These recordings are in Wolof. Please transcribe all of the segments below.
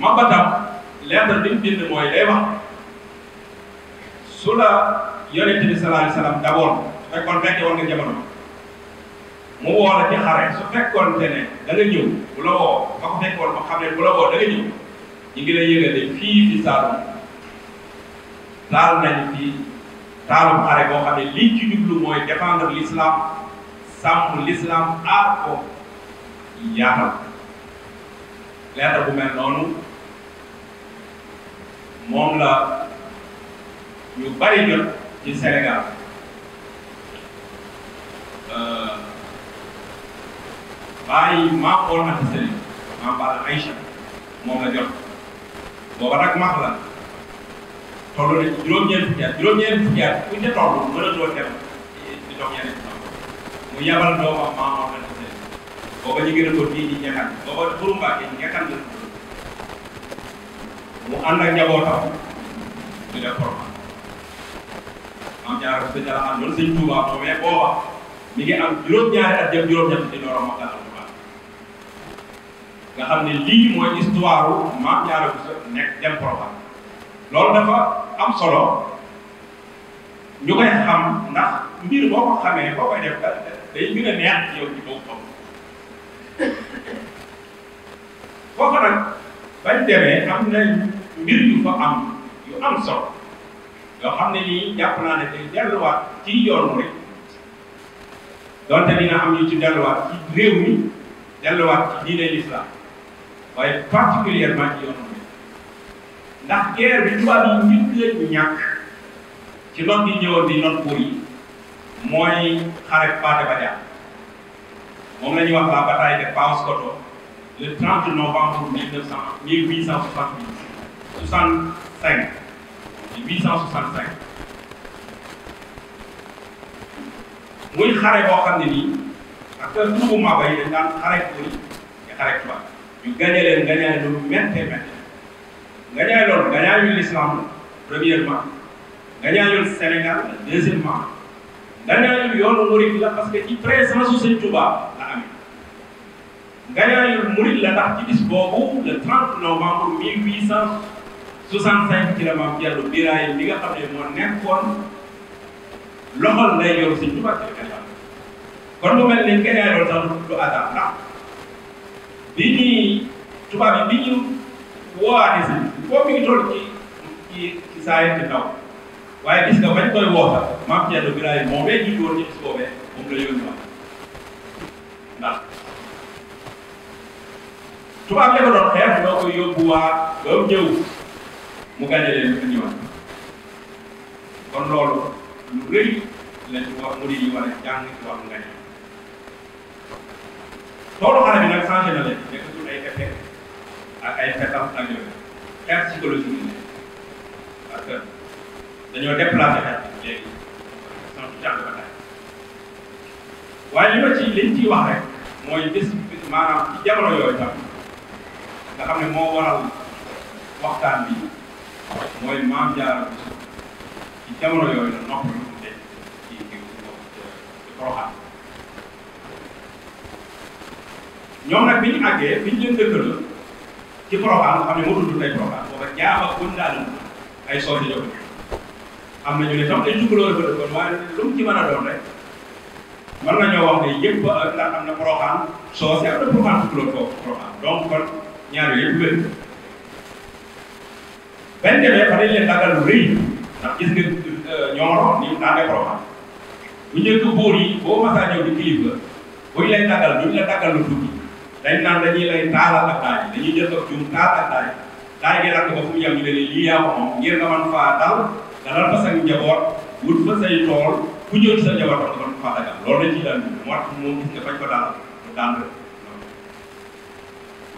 mabbatam lettre bi mu bind mooy day wax su la yonent bi sallallahu alayhi wasallam d'abord su fekkoon fekke woon mu woo la xare su fekkoon te ne da nga ñëw bu la woo nga ko fekkoon xam ne bu la woo da nga ñëw ñu ngi lay yëgal ne fii taal nañ fi taalum xare boo xam ne liñ ci jublu mooy défendre l'islam l'islam aar ko yaatal lettre bu mel noonu moom la ñu bari jot ci Sénégal euh, bàyyi maa xool ati sëriñ maa bala Aïcha moom la jot booba nag max la toll na juróom-ñeent fukki at juróom-ñeent fukki at ku ca toll mënatoo dem di dox ñeneen mu yabal doomam maa xool ati sëriñ booba ñu gën a ko fii di ñaxal booba pour Mbacke ñaxal la mu ànd ak njabootam di leen format maam jaara bu sëñ Alaxaan doon sëñ Tuubaa moom mais booba mi ngi am juróom-ñaari at jëm juróom-ñett di door a mokkal alxuraan nga xam ne lii mooy histoire maam jaara bu sëñ nekk dem format loolu dafa am solo ñu koy xam ndax mbir boo ko xamee boo koy def day gën a neex yow ci boobu xam foofu nag bañ demee am nañ mbir yu fa am yu am solo yoo xam ne nii jàpp naa ne tey delluwaat ci yoonu rek donte dina am yu ci delluwaat ci réew mi delluwaat ci diine l'islam waaye particulièrement ci yoonu rek ndax guerre bi tubaab yi nit leen ñàkk ci noon di ñëwoon di noon buur yi mooy xare Paate Badiane moom la ñuy wax la bataille de Paoskoto le 30 novembre 1900 1868 1865 1865 muy xare boo xam ne nii parce que turu Maba yi dañ daan xare góor yi di xare tubaab ñu gañe leen gañaay loolu méttee méttee gañaay loolu gañaay yu l'islam la premièrement gañaay yoon Sénégal la deuxièmement gañaay yoonu murid la parce que ci présence su Sëñ Tuubaa la amee gañaay yoon murid la ndax ci bis boobu le 30 novembre 1800 65 ci la maam Diallo Biraye li nga xam ne moo nekkoon loxol lay yor Sëñ Tuubaa ci kanam kon bu mel ni keneen loolu sax du adam ndax bi ñuy bi bi ñu woowaatee si foo mi ngi toll ci ci ci saa yi ci ndaw waaye gis nga bañ koy Biraye moo bee jiitu woon ci bis boobee moom la yónni wax ndax bi ko doon xeex ñoo koy yóbbuwaat ba mu ñëw. mu gàññe leen ñu ñëwaat kon loolu lu rëy lañ wax mu di war a jàng ci wàllu ngañe loolu xale bi nag changé na leen nekkatul ay effet ak ay fetal ak yooyu xeex psychologique la parce que dañoo déplacé xeex léegi sant jàng ba tey waaye li ma ci liñ ciy wax rek mooy bés maanaam ci jamono yooyu tam nga xam ne moo waral waxtaan bi mooy maam jaara Bousso ci jamono yooyu la nopp lu mu def ci kii ci Porokhane ñoom nag bi ñu àggee bi ñu leen dëkkal la ci Porokhane xam ne moo tudd ay Porokhane booba jaaba buñ daan ay sool di jóge am nañu ne tam ay jubaloo la fa dëkkoon waaye lu mu ci mën a doon rek mën nañoo wax ne yëpp ndax am na Porokhane soo seet am na Porokhane jubaloo ko Porokhane donc kon ñaar yooyu yëpp wér bañ demee fa dañ leen dàggal lu rëy ndax gis nga ñooro ni daa nekkoon xam bu njëkk buur yi boo masaa ñëw di kilifa buñ lay dàggal duñ la dàggal lu tuuti dañ naan dañuy lay taalal ak daay dañuy jël ak jum taal ak daay daay gi lakk ba fu mu yem ñu ne lii yaa ko moom ngir nga mën faa dal dalal fa sa njaboot wut fa say tool ku ñëw ci sa njaboot wax dëgg faa dàggal loolu lañ ciy daan dund moo tax moom gis nga bañ ko daal mu daan rek.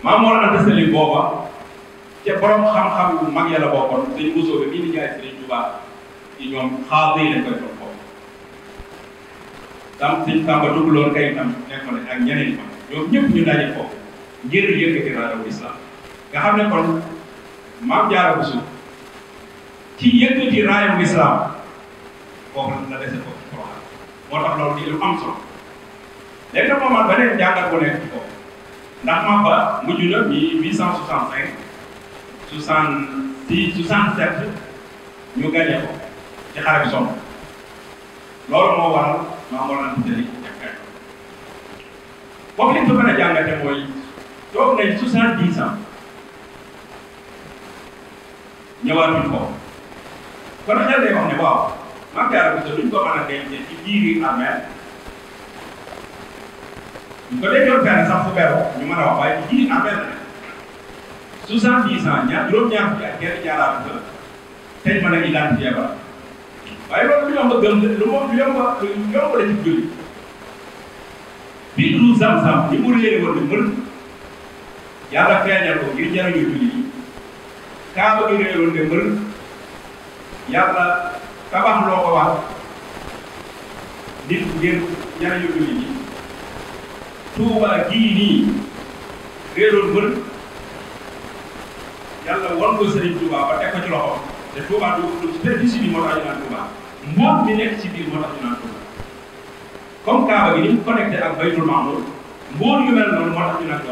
Maam Mor Anta Sali booba te borom xam-xam yu mag yàlla bokkoon dañ mosoo ba bii ni jaay Sëriñ Tuubaa ci ñoom xaar yi lañ koy jox foofu. tam Sëriñ Samba dugg loolu kay tam nekkoon ak ñeneen ma ñoom ñëpp ñu daje foofu ngir yëkkati rajo islam nga xam ne kon maam Jaara Buso ci yëkkati raayam lislaam foofu la dese ko programme moo tax loolu di lu am solo léegi nag moom man beneen jàngat bu nekk ci foofu ndax maam ba mujj na mi 865 soixante-dix soixante-sept ñu gagné ko ci xare bi Somme loolu moo waral maa moo naan tëri jàkkaay boobu liñ fa mën a jàngate mooy toog nañ soixante-dix ans ñëwaatuñ ko kon xel day wax ne waaw Mame Diarra Bousso duñ ko mën a denc ci biir armée ñu ko dencoon fenn sax fu beeroo ñu mën a wax waaye ci biir armée soixante-dix ans ñaar juróom-ñaar fukki ak genn jaaraatu ko tey mën a identifié ba waaye loolu lu yomb a gëm lu moom lu yomb a lu yomb la ci julli bi du zam-zam li mu réere woon lu mën yàlla feeñal ko ngir jariñu julli yi kaaba gi réere woon ne mën yàlla tabax loo ko wax nit ngir jariñu julli yi tuuba gii nii réeroon mën yàlla wan nga sëriñ Touba ba teg ko ci loxoom te Touba du du superficie bi moo tax ñu naan Touba mi nekk ci biir moo tax ñu naan Touba comme Kaaba gi ak Baytul Maamur mboot yu mel noonu moo tax ñu naan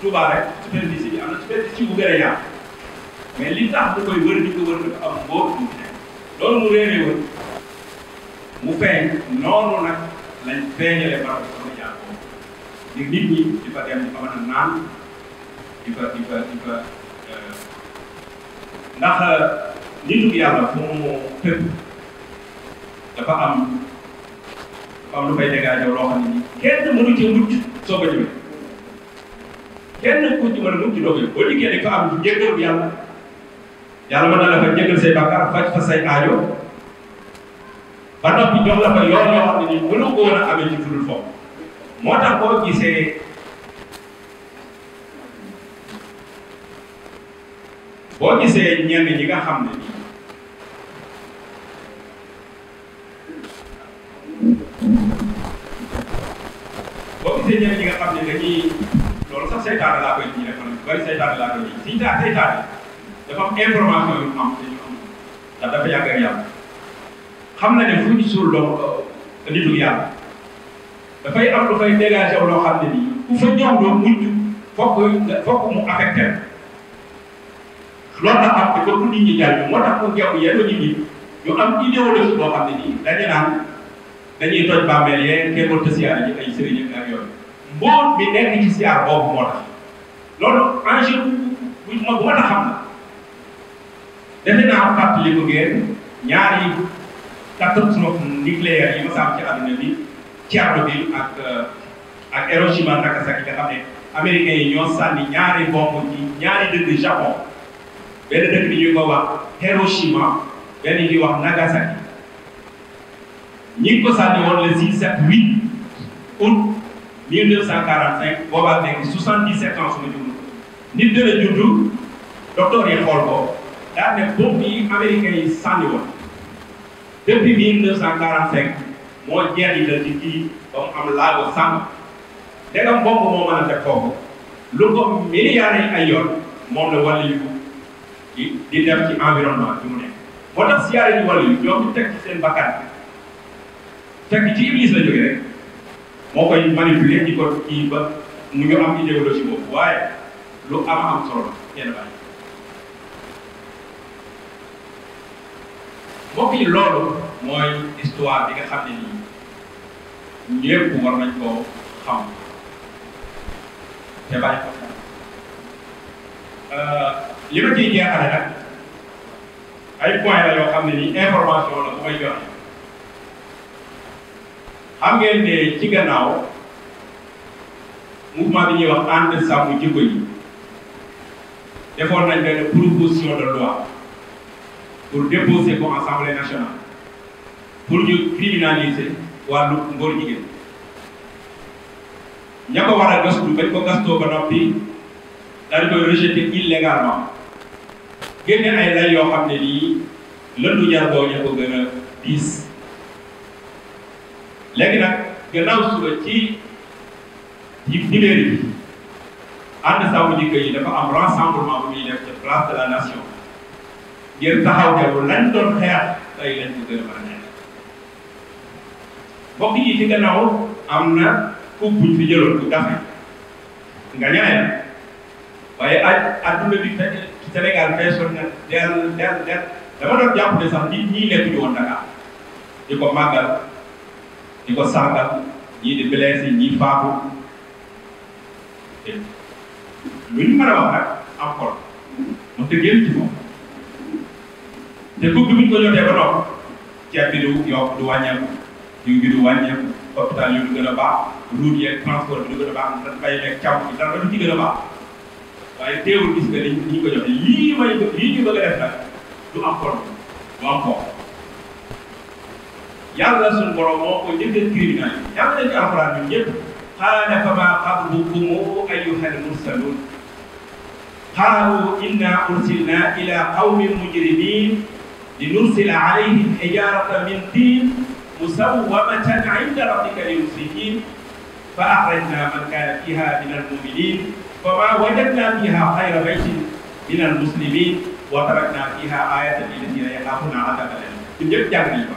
Touba bu rek superficie bi am na superficie bu gën a yaatu mais li tax du koy ko wër dafa am mboot mu nekk loolu mu réeré woon mu feeñ noonu nag lañ feeñalee barab sama jaar nit ñi di fa dem di fa mën a naan di fa ndax nitu euh, yàlla fu mu tëgg dafa am dafa am lu koy dégagé loo xam ne nii kenn ci mucc soo ko jëmee kenn ku ci mën a mucc doo ko jëm boo liggéey dafa am njëggalu yàlla yàlla mën na la fa njëggal say bàkkaar faj fa say aajo ba noppi jox la fa yoon yoo xam ne nii mënu ko woon amee ci fudul foofu moo tax boo gisee. boo gisee ñenn ñi nga xam ne boo gisee ñenn ñi nga xam ne dañuy loolu sax seytaane laa koy ñu defoon bari seytaane laa koy ñu si taa seytaane dafa am information yu am dañu am ndax dafa yàgg ak yàlla xam na ne fu ñu suul loo euh, nitu yàlla dafay am lu fay dégager loo xam ne nii ku fa ñëw doo mujj fokk fokk mu affecté loolu nag am te comme nit ñi jàng moo tax mu jaww yenn nit ñi ñu xam ne nii dañu naan dañuy toj bàmmeel yee kenn mënut a siyaare ji ay bi nekk ci siyaar boobu moo tax loolu enjeu bu bu ma mën a xam la defe naa fàttali ko ngeen ñaari catastrophe nucléaire yi ma sàmm ci àdduna bi Tchernobyl ak euh, ak Hiroshima Nagasaki nga sànni ñaari bomb ci ñaari Japon. benn dëkk bi ñu ko wax Hiroshima benn bi wax Nagasaki ñi ngi ko sànni woon le 6 7 8 août 1945 boobaa nekk 77 ans su ma jumlu nit dana juddu docteur yi xool ko daa ne boobu yi américain yi sànni woon depuis 1945 moo jeexi la ci kii ba mu am laago sàmm ndegam bomb moo mën a teg foofu lu ko milliards yi ay yoon moom la wàllu yu di di dem ci environnement bi mu nekk moo tax siyaare ni wàllu ñoom ñu teg ci seen bakkan teg ci iblis la jógee rek moo koy manipuler di ko kii ba mu ñu am idéologie boobu waaye lu am am solo kenn bàyyi mbokk yi loolu mooy histoire bi nga xam ne nii ñëpp war nañ koo xam te ko li ma ciy jeexale nag ay point la yoo xam ne nii information la bu may joxe xam ngeen ne ci gannaaw mouvement bi ñuy wax ànd sàmm jikko yi defoon nañ benn proposition de loi pour déposer ko assemblée nationale pour ñu criminaliser wàllu ngóor jigéen ña ko war a gastu bañ ko gastoo ba noppi dañ koy rejeté illégalement génne ay lay yoo xam ne nii lëndu jar boo ña ko gën a diis léegi nag gannaaw suba ci dibéer bi ànd sàmm jikko yi dafa am rassemblement bu ñuy def ci place de la nation ngir taxaw teewul lañ doon xeex tey lañ ko gën a mën a nekk mbokk yi ci gannaaw am na coupe buñ fi jëloon nga ñaareel waaye at adduna bi fekk Sénégal feesoon na dell dell dell dama doon jàpp ne sax ñi ñii nekk ñu woon Dakar di ko màggal di ko sàngal ñii di blessé ñii faatu lu ñu mën a wax rek encore mu tëggeel ci moom te coupe bi bu ñu ko jotee ba noppi ceeb bi du yokk du wàññeeku jiw bi du wàññeeku hôpital yi du gën a baax route yeeg transport bi du gën a baax mbay meeg càmm bi dara du ci gën a baax. waaye teewul gis nga dañ ñu ko joxe lii may lii ñu bëgg a def nag du am kon du am ko yàlla suñu borom moo ko njëkkee criminal yi yàlla nañ ci alxuraan ñun ñëpp qaala famaa xatbukum ayyuhal mursaluun qaalu innaa ursilnaa ilaa qawmin mujrimiin linursila alayhim hijaaratan min tiin musawwamatan inda rabbika lilmusii'iin fa axrajnaa man kaana fiihaa minal mu'miniin فما وجدنا فيها خير بيت من المسلمين وتركنا فيها آية للذين يخافون عذاب الأليم ñun ñëpp jàng nañu ko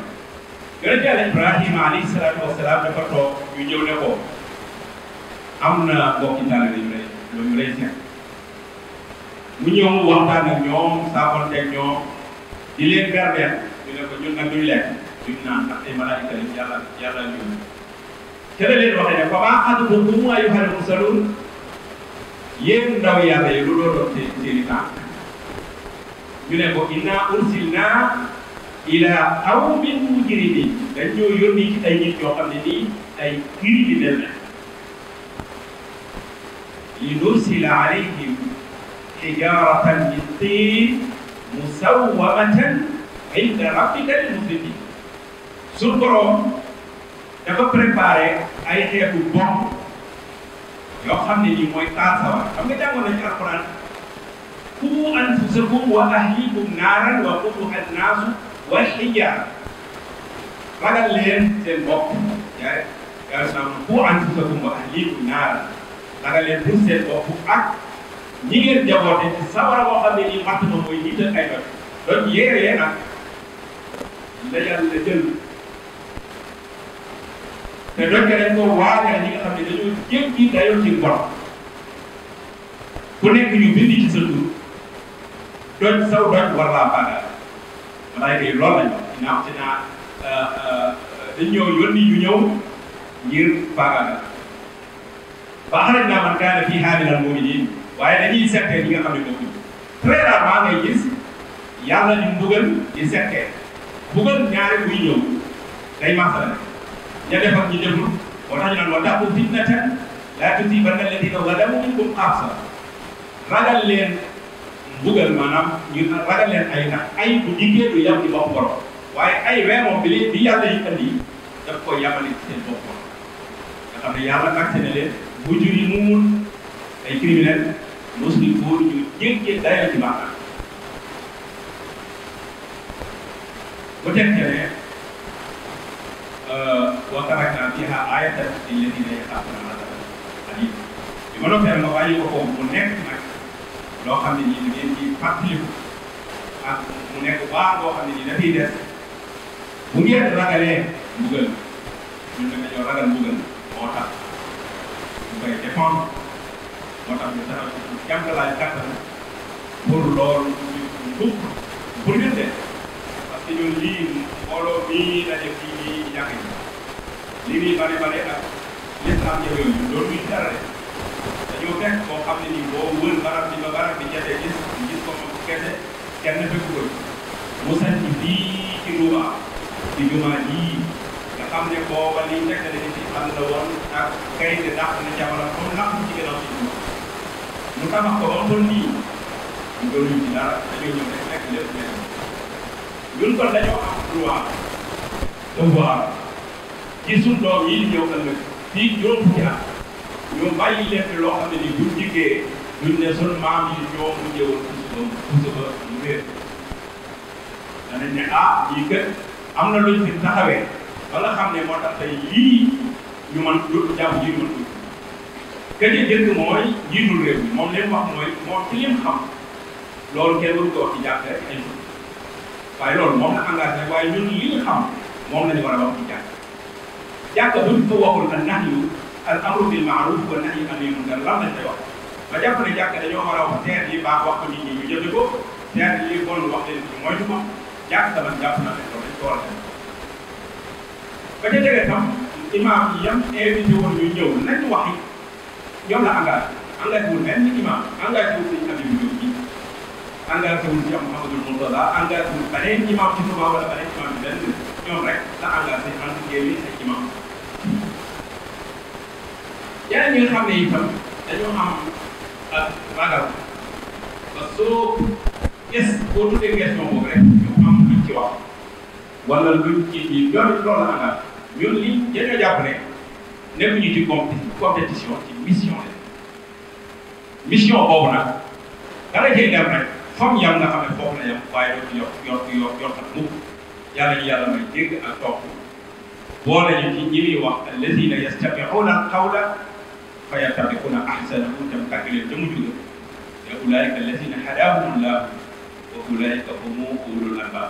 yonent Yàlla Ibrahima alayhi salaatu wa salaam dafa toog ñu ñëw ne ko am na mbokki taalibe yu lay ñu lay seet mu ñëw waxtaan ak ñoom saafoon teg ñoom di leen gardeel ñu ne ko ñun nag duñ lekk duñ naan ndax ay malaayika lañ yàlla yàlla ñu te la leen waxee ne fa maa antum minhu ayyuhal yéen ndaw yàlla yi lu doon seen seeni tànk ñu ne ko inna ursilna ila qawmin mujrimin dañ ñoo yónni ci ay nit yoo xam ne nii ay criminel la li nursila alayhim xijaratan min tiin musawwamatan inda rabbika lil mujrimin suñu borom dafa préparé ay xeetu bomb yoo xam ne nii mooy taal sawar xam nga jàngoon nañu alquran qu anfusakum wa ahlikum naaran wa quduha annaasu wal hijaara ragal leen seen bopp yaay yàlla naa ma qu anfusakum wa ahlikum naaran ragal leen pour seen bopp ak ñi ngeen jaboote ci sawara boo xam ne nii matt na mooy niital ay doon donc yéere nag la yàlla jël te donte dañ koo waajal ñi nga xam ne dañoo jéggi dayoo ci ngor ku nekk ñu bind ci sa tur doon saw doon war laa baagal malaayka yi loolu lañu dina am dina dañ ñëw yónni ñu ñëw ngir baagal baax nañ naa man kaana fii haamilan mu'minin waaye dañuy settee ñi nga xam ne bokkuñ très rarement ngay gis yàlla di mbugal di settee mbugal ñaari buy ñëw day masala ña def ak ñu deful moo tax ñu naan wa taqu fitnatan laa tusiibanna alladina zalamu minkum xaasa ragal leen mbugal maanaam ñu ragal leen ay ndax ay bu jigéen du yem ci bopp borom waaye ay wee moom bi li bi yàlla yi andi daf ko yamale ci seen bopp borom nga xam ne yàlla vaccine leen bujur yi muul ay criminel muslim góor ñu jéggee dayal ci baax bu teg ne وتركنا فيها آية للذين يخافون عذاب أليم li ma doon fexe ma bàyyi ko foofu mu nekk nag loo xam ne nii da ngeen di fàttaliku ak mu nekk baax loo xam ne nii dafay des bu ngeen ragalee mbugal ñun dañoo ragal mbugal moo tax ñu koy défendre moo tax ñu taxaw ci jàngalaay kàttan pour loolu ñu dugg pour ñun de parce que ñun lii mbooloo mii daje fii nii jàng yi li muy bare bare ak lislaam jafe yooyu loolu muy dara rek dañoo fekk boo xam ne nii boo wër barab bi ba barab bi jafee gis gis ko moom kese kenn fekk ko mu sanc fii ci Touba ci jumaa jii nga xam ne booba liñ nekk dañu ci ànd woon ak kay te dàq na jamono comme napp ci gannaaw ci Touba mu tabax ko ba mu toll nii loolu ci dara dañoo ñëw rek fekk lépp lépp ñun kon dañoo am droit devoir ci suñ doom yi di ñëw ëllëg fii juróom fukki at ñu bàyyi leen fi loo xam ne ni buñ dikkee duñ ne sunu maam yi ñoo mu ñëwoon puso puso ba ñu réer danañ ne ah lii kat am na luñ fi taxawee wala xam ne moo tax tey lii ñu mën lu jàpp ji mën kër yi jëkk mooy njiitul réew mi moom leen wax mooy moom ci lim xam loolu kenn waru ko wax ci jàkk rek ay waaye loolu moom la engagé waaye ñun li ñu moom la ñu war a wax ci jàkk jàkka buñ ko waxul al nahyu al amru bil maaruf wa nahyu anil munkar lan lañ koy wax ba jàpp ne jàkka dañoo war a wax teer yi baax wax ko nit ñi ñu jëfe ko teer yi bon wax leen ci moytu ko jàkka man jàpp na ne loolu dañ ko war a def ba ca dégg tam imaam yi yam invité woon ñu ñëw nañ wax yi ñoom la engagé engagé wul benn imaam engagé wul suñu Habib Diop bi engagé wul ci Mouhamadou Mourtada engagé wul beneen imaam ci Touba wala beneen imaam ci benn ñoom rek la engagé entre guillemets ak imaam yeneen ñi nga xam ne itam dañoo am ak ragal parce que soo gis boo tuddee question boobu rek ñu am luñ ci wax wala luñ ci ñu doon loolu àndal ñun li dañoo jàpp ne nekkuñu ci comp compétition ci mission la mission boobu nag dara cee dem rek fam yam nga xam foofu la yam waaye doo ci yokk yokk yokk yokk ak mukk yàlla ñu yàlla may dégg ak topp boole ñu ci ñi muy wax allazina yastabi'una al-qawla fa yattabiquuna ahsanahu tam tàgg leen dama jóge te ulaayika allazina hadahumullah wa ulaayika humu ulul albab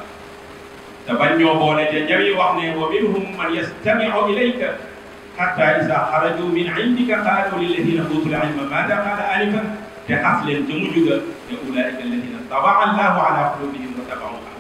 te bañ ñoo boole te jami wax ne wa minhum man yastamiu ilayka hatta isa xaraju min indika qaalu lillazina utul ilma maada qaala anifan te xas leen dama jóge te ulaayika allazina tabaa allahu ala qulubihim wa tabaau